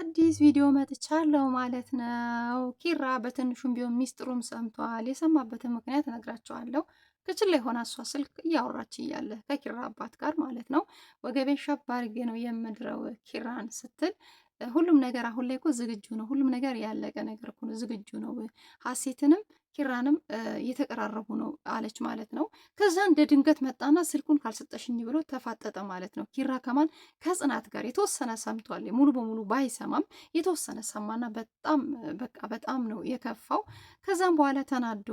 አዲስ ቪዲዮ መጥቻለሁ ማለት ነው። ኪራ በትንሹም ቢሆን ሚስጥሩም ሰምቷል። የሰማበትን ምክንያት ነግራቸዋለሁ። ክችል ላይ ሆና እሷ ስልክ እያወራች እያለ ከኪራ አባት ጋር ማለት ነው። ወገቤን ሸብ አድርጌ ነው የምድረው ኪራን ስትል ሁሉም ነገር አሁን ላይ እኮ ዝግጁ ነው። ሁሉም ነገር ያለቀ ነገር እኮ ነው። ዝግጁ ነው ሀሴትንም ኪራንም እየተቀራረቡ ነው አለች ማለት ነው። ከዛ እንደ ድንገት መጣና ስልኩን ካልሰጠሽኝ ብሎ ተፋጠጠ ማለት ነው። ኪራ ከማን ከጽናት ጋር የተወሰነ ሰምቷል። ሙሉ በሙሉ ባይሰማም የተወሰነ ሰማና በጣም በቃ በጣም ነው የከፋው። ከዛም በኋላ ተናዶ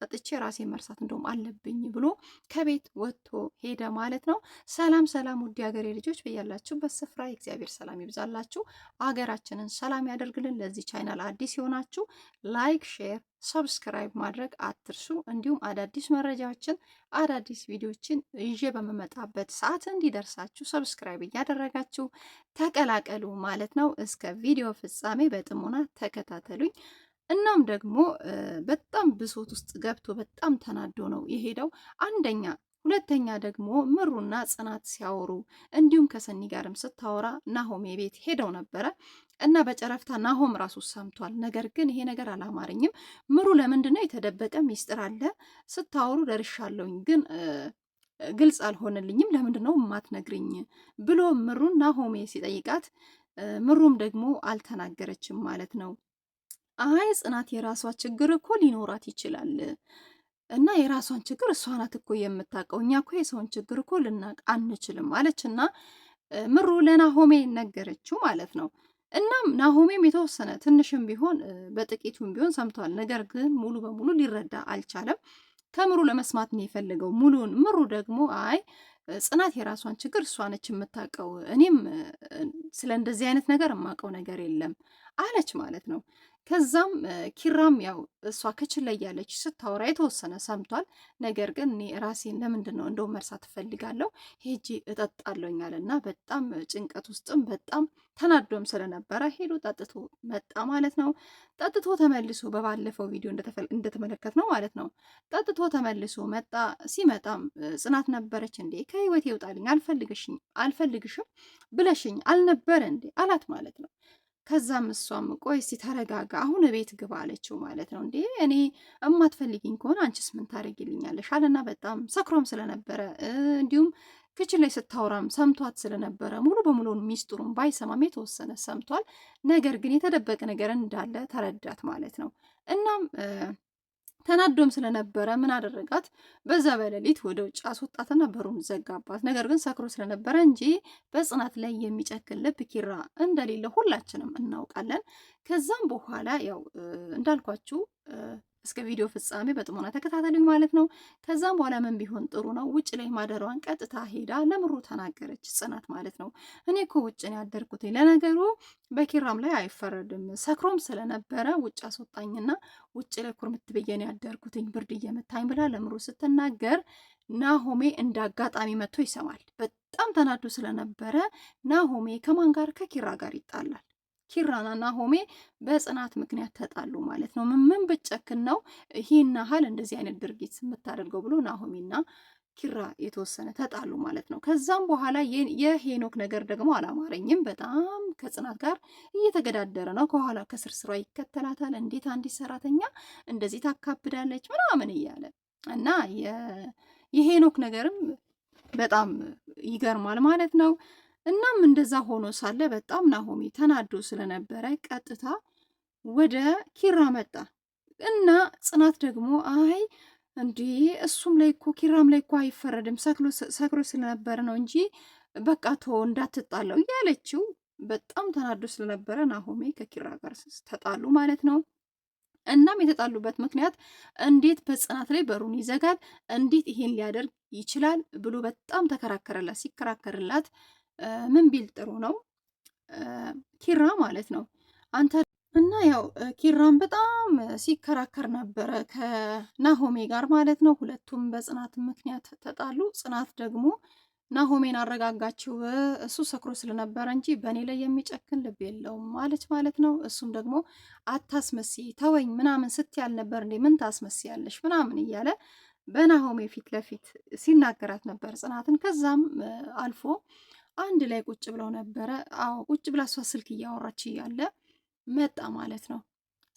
ጠጥቼ ራሴ መርሳት እንደውም አለብኝ ብሎ ከቤት ወጥቶ ሄደ ማለት ነው። ሰላም ሰላም፣ ውድ ሀገሬ ልጆች በያላችሁበት ስፍራ የእግዚአብሔር ሰላም ይብዛላችሁ፣ አገራችንን ሰላም ያደርግልን። ለዚህ ቻይናል አዲስ የሆናችሁ ላይክ ሼር ሰብስክራይብ ማድረግ አትርሱ። እንዲሁም አዳዲስ መረጃዎችን አዳዲስ ቪዲዮችን ይዤ በመመጣበት ሰዓት እንዲደርሳችሁ ሰብስክራይብ እያደረጋችሁ ተቀላቀሉ ማለት ነው። እስከ ቪዲዮ ፍጻሜ በጥሞና ተከታተሉኝ። እናም ደግሞ በጣም ብሶት ውስጥ ገብቶ በጣም ተናዶ ነው የሄደው አንደኛ ሁለተኛ ደግሞ ምሩና ጽናት ሲያወሩ እንዲሁም ከሰኒ ጋርም ስታወራ ናሆሜ ቤት ሄደው ነበረ። እና በጨረፍታ ናሆም ራሱ ሰምቷል። ነገር ግን ይሄ ነገር አላማረኝም። ምሩ ለምንድነው የተደበቀ ሚስጥር አለ ስታወሩ ደርሻለሁኝ ግን ግልጽ አልሆነልኝም። ለምንድን ነው የማትነግርኝ ብሎ ምሩን ናሆሜ ሲጠይቃት ምሩም ደግሞ አልተናገረችም ማለት ነው። አይ ጽናት የራሷ ችግር እኮ ሊኖራት ይችላል እና የራሷን ችግር እሷ ናት እኮ የምታውቀው፣ እኛ እኮ የሰውን ችግር እኮ ልናውቅ አንችልም አለች እና ምሩ ለናሆሜ ነገረችው ማለት ነው። እናም ናሆሜም የተወሰነ ትንሽም ቢሆን በጥቂቱም ቢሆን ሰምቷል። ነገር ግን ሙሉ በሙሉ ሊረዳ አልቻለም። ከምሩ ለመስማት ነው የፈለገው ሙሉን። ምሩ ደግሞ አይ ጽናት የራሷን ችግር እሷ ነች የምታውቀው፣ እኔም ስለ እንደዚህ አይነት ነገር የማውቀው ነገር የለም አለች ማለት ነው። ከዛም ኪራም ያው እሷ ላይ ያለች ስታወራ የተወሰነ ሰምቷል። ነገር ግን እኔ ራሴን ለምንድን ነው እንደው መርሳት እፈልጋለሁ ሄጂ እጠጣለሁኛል እና በጣም ጭንቀት ውስጥም በጣም ተናዶም ስለነበረ ሄዶ ጠጥቶ መጣ ማለት ነው። ጠጥቶ ተመልሶ በባለፈው ቪዲዮ እንደተመለከት ነው ማለት ነው። ጠጥቶ ተመልሶ መጣ። ሲመጣም ጽናት ነበረች እንዴ ከህይወት ይውጣልኝ አልፈልግሽም ብለሽኝ አልነበረ እንዴ አላት ማለት ነው። ከዛም እሷም ቆይ እስቲ ተረጋጋ፣ አሁን ቤት ግባ አለችው ማለት ነው። እንዴ እኔ እማትፈልጊኝ ከሆነ አንቺስ ምን ታደርጊልኛለሽ? አለና በጣም ሰክሮም ስለነበረ እንዲሁም ክችን ላይ ስታወራም ሰምቷት ስለነበረ ሙሉ በሙሉ ሚስጥሩን ባይሰማም የተወሰነ ሰምቷል። ነገር ግን የተደበቀ ነገር እንዳለ ተረዳት ማለት ነው። እናም ተናዶም ስለነበረ ምን አደረጋት? በዛ በሌሊት ወደ ውጭ አስወጣትና በሩን ዘጋባት። ነገር ግን ሰክሮ ስለነበረ እንጂ በጽናት ላይ የሚጨክን ልብ ኪራ እንደሌለ ሁላችንም እናውቃለን። ከዛም በኋላ ያው እንዳልኳችሁ እስከ ቪዲዮ ፍጻሜ በጥሞና ተከታተሉኝ ማለት ነው። ከዛም በኋላ ምን ቢሆን ጥሩ ነው? ውጭ ላይ ማደሯን ቀጥታ ሄዳ ለምሩ ተናገረች፣ ጽናት ማለት ነው። እኔ እኮ ውጭ ነው ያደርኩት። ለነገሩ በኪራም ላይ አይፈረድም፣ ሰክሮም ስለነበረ ውጭ አስወጣኝና ውጭ ላይ ኩርምት ብዬ ነው ያደርኩትኝ ብርድ እየመታኝ ብላ ለምሩ ስትናገር ናሆሜ እንደ አጋጣሚ መጥቶ ይሰማል። በጣም ተናዶ ስለነበረ ናሆሜ ከማን ጋር ከኪራ ጋር ይጣላል። ኪራና ናሆሜ በጽናት ምክንያት ተጣሉ ማለት ነው። ምን ብጨክን ነው ይህን ያህል እንደዚህ አይነት ድርጊት የምታደርገው ብሎ ናሆሜና ኪራ የተወሰነ ተጣሉ ማለት ነው። ከዛም በኋላ የሄኖክ ነገር ደግሞ አላማረኝም። በጣም ከጽናት ጋር እየተገዳደረ ነው። ከኋላ ከስርስሯ ይከተላታል። እንዴት አንዲት ሰራተኛ እንደዚህ ታካብዳለች ምናምን እያለ እና የሄኖክ ነገርም በጣም ይገርማል ማለት ነው። እናም እንደዛ ሆኖ ሳለ በጣም ናሆሚ ተናዶ ስለነበረ ቀጥታ ወደ ኪራ መጣ እና ጽናት ደግሞ አይ እንዲህ እሱም ላይ እኮ ኪራም ላይ እኮ አይፈረድም ሰክሮ ስለነበረ ነው እንጂ በቃ ቶ እንዳትጣለው እያለችው በጣም ተናዶ ስለነበረ ናሆሜ ከኪራ ጋር ተጣሉ ማለት ነው። እናም የተጣሉበት ምክንያት እንዴት በጽናት ላይ በሩን ይዘጋል፣ እንዴት ይሄን ሊያደርግ ይችላል ብሎ በጣም ተከራከረላት። ሲከራከርላት ምን ቢል ጥሩ ነው ኪራ ማለት ነው አንተ እና ያው ኪራም በጣም ሲከራከር ነበረ ከናሆሜ ጋር ማለት ነው። ሁለቱም በጽናት ምክንያት ተጣሉ። ጽናት ደግሞ ናሆሜን አረጋጋችው፣ እሱ ሰክሮ ስለነበረ እንጂ በእኔ ላይ የሚጨክን ልብ የለውም ማለች ማለት ነው። እሱም ደግሞ አታስመሲ ተወኝ ምናምን ስትያል ነበር እንዴ ምን ታስመስያለሽ ምናምን እያለ በናሆሜ ፊት ለፊት ሲናገራት ነበር ጽናትን ከዛም አልፎ አንድ ላይ ቁጭ ብለው ነበረ። አዎ ቁጭ ብላ እሷ ስልክ እያወራች እያለ መጣ ማለት ነው።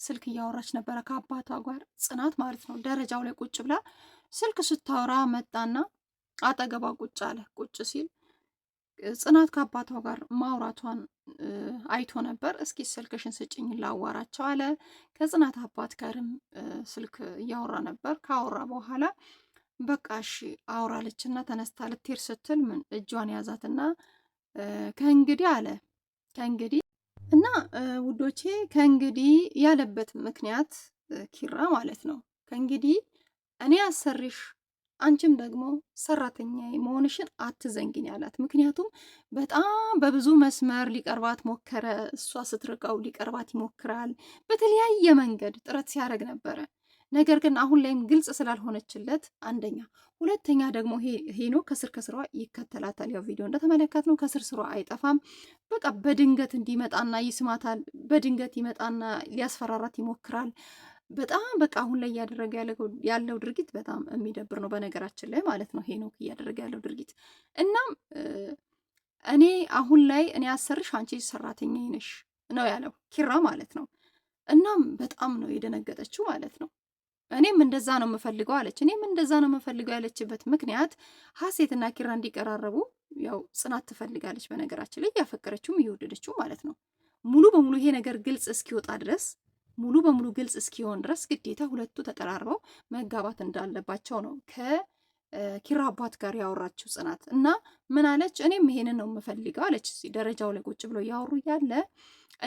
ስልክ እያወራች ነበረ ከአባቷ ጋር ጽናት ማለት ነው። ደረጃው ላይ ቁጭ ብላ ስልክ ስታወራ መጣና አጠገቧ ቁጭ አለ። ቁጭ ሲል ጽናት ከአባቷ ጋር ማውራቷን አይቶ ነበር። እስኪ ስልክሽን ስጭኝ ላዋራቸው አለ። ከጽናት አባት ጋርም ስልክ እያወራ ነበር። ካወራ በኋላ በቃ እሺ አውራለች እና ተነስታ ልትሄድ ስትል ምን እጇን ያዛትና ከእንግዲህ አለ ከእንግዲህ እና ውዶቼ ከእንግዲህ ያለበት ምክንያት ኪራ ማለት ነው። ከእንግዲህ እኔ አሰሪሽ አንቺም ደግሞ ሰራተኛ መሆንሽን አትዘንግኝ አላት። ምክንያቱም በጣም በብዙ መስመር ሊቀርባት ሞከረ። እሷ ስትርቀው ሊቀርባት ይሞክራል። በተለያየ መንገድ ጥረት ሲያደርግ ነበረ። ነገር ግን አሁን ላይም ግልጽ ስላልሆነችለት አንደኛ፣ ሁለተኛ ደግሞ ሄኖ ከስር ከስሯ ይከተላታል። ያው ቪዲዮ እንደተመለከት ነው ከስር ስሯ አይጠፋም። በቃ በድንገት እንዲመጣና ይስማታል። በድንገት ይመጣና ሊያስፈራራት ይሞክራል። በጣም በቃ አሁን ላይ እያደረገ ያለው ድርጊት በጣም የሚደብር ነው፣ በነገራችን ላይ ማለት ነው ሄኖክ እያደረገ ያለው ድርጊት። እናም እኔ አሁን ላይ እኔ አሰርሽ አንቺ ሰራተኛ ነሽ ነው ያለው ኪራ ማለት ነው። እናም በጣም ነው የደነገጠችው ማለት ነው። እኔም እንደዛ ነው የምፈልገው አለች። እኔም እንደዛ ነው የምፈልገው ያለችበት ምክንያት ሀሴትና ኪራ እንዲቀራረቡ ያው ጽናት ትፈልጋለች። በነገራችን ላይ እያፈቀረችውም እየወደደችው ማለት ነው። ሙሉ በሙሉ ይሄ ነገር ግልጽ እስኪወጣ ድረስ ሙሉ በሙሉ ግልጽ እስኪሆን ድረስ ግዴታ ሁለቱ ተቀራርበው መጋባት እንዳለባቸው ነው ከኪራ አባት ጋር ያወራችው ጽናት። እና ምን አለች? እኔም ይሄንን ነው የምፈልገው አለች። ደረጃው ላይ ቁጭ ብሎ እያወሩ እያለ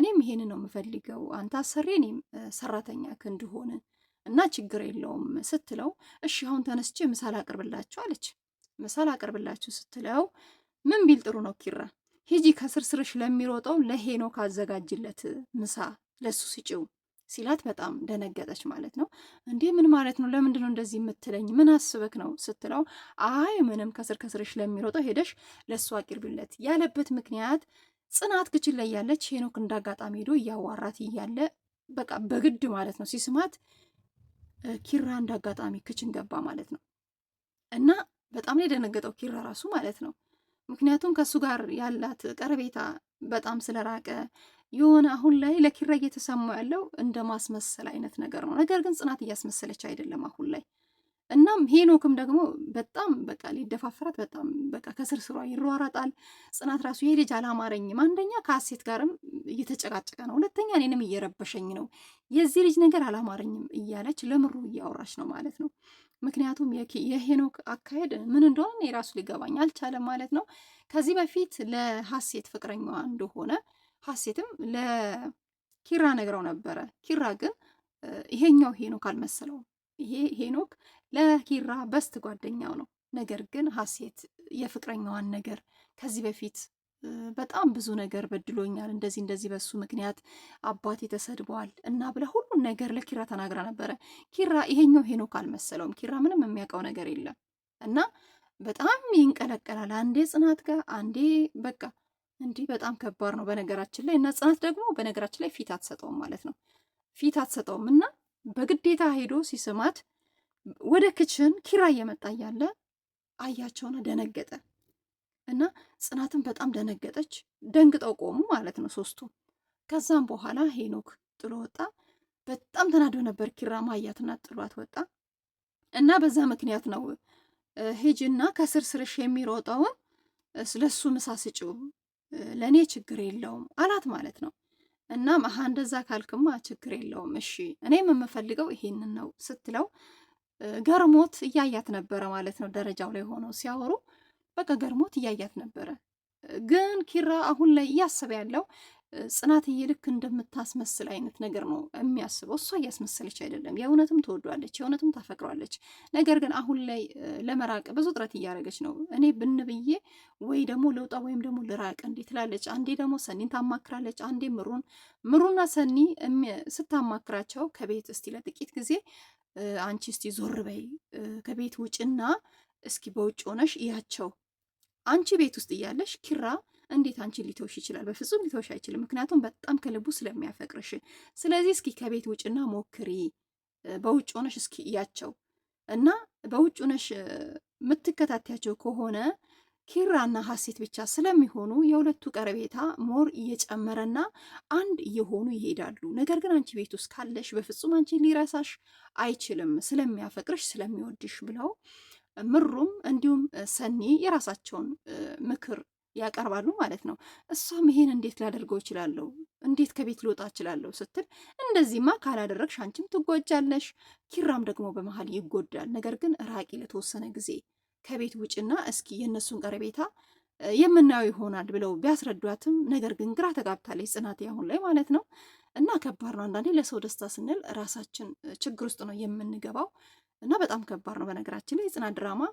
እኔም ይሄንን ነው የምፈልገው፣ አንተ አሰሪ፣ እኔም ሰራተኛ ክንድ ሆንን እና ችግር የለውም ስትለው፣ እሺ አሁን ተነስቼ ምሳል አቅርብላችሁ አለች። ምሳ አቅርብላችሁ ስትለው ምን ቢል ጥሩ ነው ኪራ ሂጂ ከስርስርሽ ለሚሮጠው ለሄኖክ አዘጋጅለት ምሳ ለሱ ስጪው ሲላት በጣም ደነገጠች ማለት ነው። እንዴ ምን ማለት ነው? ለምንድን ነው እንደዚህ የምትለኝ? ምን አስበክ ነው ስትለው አይ ምንም ከስር ከስርሽ ለሚሮጠው ሄደሽ ለሱ አቅርብለት ያለበት ምክንያት ጽናት ክችል ላይ ያለች ሄኖክ እንዳጋጣሚ ሄዶ እያዋራት እያለ በቃ በግድ ማለት ነው ሲስማት ኪራ እንደ አጋጣሚ ክችን ገባ ማለት ነው። እና በጣም ነው የደነገጠው ኪራ ራሱ ማለት ነው። ምክንያቱም ከእሱ ጋር ያላት ቀረቤታ በጣም ስለራቀ የሆነ አሁን ላይ ለኪራ እየተሰማ ያለው እንደ ማስመሰል አይነት ነገር ነው። ነገር ግን ጽናት እያስመሰለች አይደለም አሁን ላይ። እናም ሄኖክም ደግሞ በጣም በቃ ሊደፋፍራት በጣም በቃ ከስርስሯ ይሯራጣል። ጽናት ራሱ ይሄ ልጅ አላማረኝም፣ አንደኛ ከአሴት ጋርም እየተጨቃጨቀ ነው፣ ሁለተኛ እኔንም እየረበሸኝ ነው፣ የዚህ ልጅ ነገር አላማረኝም እያለች ለምሩ እያወራች ነው ማለት ነው። ምክንያቱም የሄኖክ አካሄድ ምን እንደሆነ የራሱ ሊገባኝ አልቻለም ማለት ነው። ከዚህ በፊት ለሀሴት ፍቅረኛዋ እንደሆነ ሀሴትም ለኪራ ነግረው ነበረ። ኪራ ግን ይሄኛው ሄኖክ አልመሰለውም። ይሄ ሄኖክ ለኪራ በስት ጓደኛው ነው። ነገር ግን ሀሴት የፍቅረኛዋን ነገር ከዚህ በፊት በጣም ብዙ ነገር በድሎኛል፣ እንደዚህ እንደዚህ በሱ ምክንያት አባቴ ተሰድበዋል እና ብላ ሁሉን ነገር ለኪራ ተናግራ ነበረ። ኪራ ይሄኛው ሄኖክ አልመሰለውም። ኪራ ምንም የሚያውቀው ነገር የለም እና በጣም ይንቀለቀላል። አንዴ ጽናት ጋር አንዴ በቃ እንዲህ በጣም ከባድ ነው በነገራችን ላይ እና ጽናት ደግሞ በነገራችን ላይ ፊት አትሰጠውም ማለት ነው። ፊት አትሰጠውም እና በግዴታ ሄዶ ሲስማት ወደ ክችን ኪራ እየመጣ እያለ አያቸውና ደነገጠ። እና ጽናትን በጣም ደነገጠች። ደንግጠው ቆሙ ማለት ነው ሶስቱ። ከዛም በኋላ ሄኖክ ጥሎ ወጣ። በጣም ተናዶ ነበር ኪራ ማያትና ጥሏት ወጣ እና በዛ ምክንያት ነው ሂጂና ከስር ስርሽ የሚሮጠውን ስለሱ ምሳ ለእኔ ችግር የለውም አላት ማለት ነው። እና አሀ እንደዛ ካልክማ ችግር የለውም እሺ፣ እኔም የምፈልገው ይሄንን ነው ስትለው ገርሞት እያያት ነበረ ማለት ነው። ደረጃው ላይ ሆነው ሲያወሩ በቃ ገርሞት እያያት ነበረ። ግን ኪራ አሁን ላይ እያሰበ ያለው ጽናትዬ ልክ እንደምታስመስል አይነት ነገር ነው የሚያስበው። እሷ እያስመሰለች አይደለም። የእውነትም ትወዷለች፣ የእውነትም ታፈቅሯለች። ነገር ግን አሁን ላይ ለመራቅ ብዙ ጥረት እያደረገች ነው። እኔ ብን ብዬ ወይ ደግሞ ልውጣ ወይም ደግሞ ልራቅ እንዲህ ትላለች። አንዴ ደግሞ ሰኒን ታማክራለች፣ አንዴ ምሩን። ምሩና ሰኒ ስታማክራቸው ከቤት እስቲ ለጥቂት ጊዜ አንቺ እስቲ ዞር በይ ከቤት ውጭና እስኪ በውጭ ሆነሽ እያቸው አንቺ ቤት ውስጥ እያለሽ ኪራ እንዴት አንቺን ሊተውሽ ይችላል? በፍጹም ሊተውሽ አይችልም። ምክንያቱም በጣም ከልቡ ስለሚያፈቅርሽ። ስለዚህ እስኪ ከቤት ውጭና ሞክሪ፣ በውጭ ሆነሽ እስኪ እያቸው እና በውጭ ሆነሽ የምትከታተያቸው ከሆነ ኪራና ሀሴት ብቻ ስለሚሆኑ የሁለቱ ቀረቤታ ሞር እየጨመረና አንድ እየሆኑ ይሄዳሉ። ነገር ግን አንቺ ቤት ውስጥ ካለሽ በፍጹም አንቺን ሊረሳሽ አይችልም፣ ስለሚያፈቅርሽ ስለሚወድሽ ብለው ምሩም እንዲሁም ሰኒ የራሳቸውን ምክር ያቀርባሉ ማለት ነው። እሷም ይሄን እንዴት ላደርገው እችላለሁ፣ እንዴት ከቤት ልወጣ እችላለሁ ስትል እንደዚህማ ካላደረግሽ አንቺም ትጎጃለሽ፣ ኪራም ደግሞ በመሀል ይጎዳል። ነገር ግን ራቂ ለተወሰነ ጊዜ ከቤት ውጭና እስኪ የእነሱን ቀረቤታ የምናየው ይሆናል ብለው ቢያስረዷትም ነገር ግን ግራ ተጋብታለች ጽናት አሁን ላይ ማለት ነው። እና ከባድ ነው አንዳንዴ ለሰው ደስታ ስንል ራሳችን ችግር ውስጥ ነው የምንገባው። እና በጣም ከባድ ነው። በነገራችን ላይ የጽናት ድራማ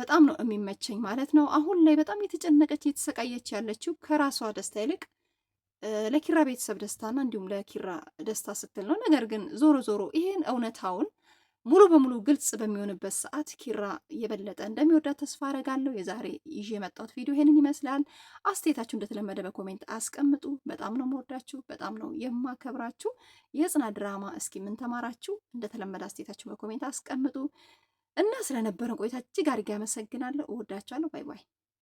በጣም ነው የሚመቸኝ ማለት ነው። አሁን ላይ በጣም የተጨነቀች የተሰቃየች ያለችው ከራሷ ደስታ ይልቅ ለኪራ ቤተሰብ ደስታና እንዲሁም ለኪራ ደስታ ስትል ነው። ነገር ግን ዞሮ ዞሮ ይሄን እውነታውን ሙሉ በሙሉ ግልጽ በሚሆንበት ሰዓት ኪራ የበለጠ እንደሚወዳት ተስፋ አረጋለሁ። የዛሬ ይዤ የመጣሁት ቪዲዮ ይሄንን ይመስላል። አስተያየታችሁ እንደተለመደ በኮሜንት አስቀምጡ። በጣም ነው የምወዳችሁ፣ በጣም ነው የማከብራችሁ። የጽናት ድራማ እስኪ ምን ተማራችሁ? እንደተለመደ አስተያየታችሁን በኮሜንት አስቀምጡ እና ስለነበረን ቆይታ እጅግ አድርጌ አመሰግናለሁ። እወዳችኋለሁ። ባይ ባይ።